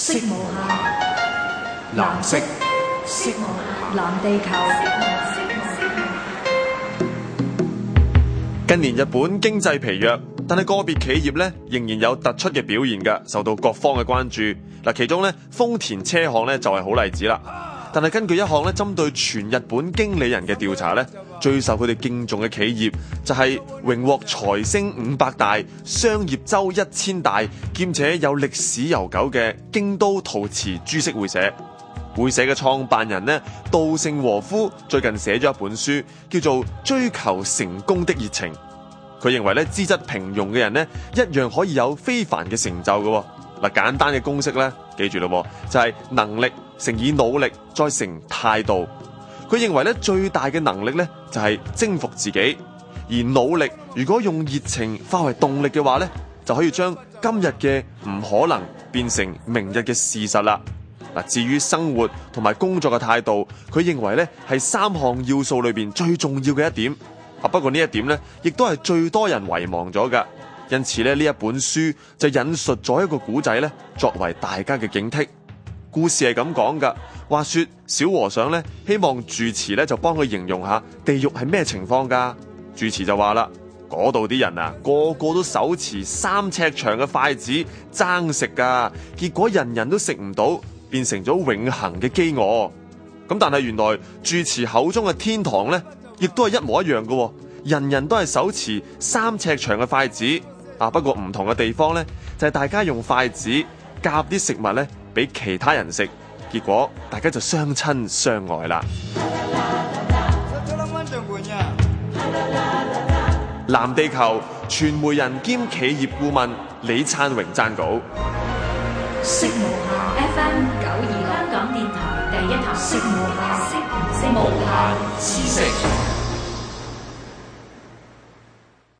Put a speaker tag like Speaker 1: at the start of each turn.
Speaker 1: 色無限，藍色，色無限，藍地球。近年日本經濟疲弱，但係個別企業咧仍然有突出嘅表現㗎，受到各方嘅關注。嗱，其中咧豐田車行咧就係好例子啦。但係根據一項咧針對全日本經理人嘅調查咧，最受佢哋敬重嘅企業就係榮獲財星五百大、商業周一千大，兼且有歷史悠久嘅京都陶瓷株式會社。會社嘅創辦人稻盛和夫最近寫咗一本書，叫做《追求成功的熱情》。佢認為咧資質平庸嘅人咧一樣可以有非凡嘅成就嘅。嗱，簡單嘅公式咧記住咯，就係、是、能力。成以努力再成態度，佢認為咧最大嘅能力咧就係征服自己，而努力如果用熱情化為動力嘅話咧，就可以將今日嘅唔可能變成明日嘅事實啦。嗱，至於生活同埋工作嘅態度，佢認為咧係三項要素裏面最重要嘅一點。啊，不過呢一點咧亦都係最多人遺忘咗噶，因此咧呢一本書就引述咗一個古仔咧，作為大家嘅警惕。故事係咁講噶，話說小和尚呢希望住持就幫佢形容一下地獄係咩情況噶。住持就話啦，嗰度啲人啊個個都手持三尺長嘅筷子爭食噶，結果人人都食唔到，變成咗永恆嘅饑餓。咁但係原來住持口中嘅天堂呢，亦都係一模一樣噶，人人都係手持三尺長嘅筷子啊，不過唔同嘅地方呢，就係大家用筷子夾啲食物呢，俾其他人食，結果大家就相親相愛啦。藍地球，傳媒人兼企業顧問李燦榮撰稿。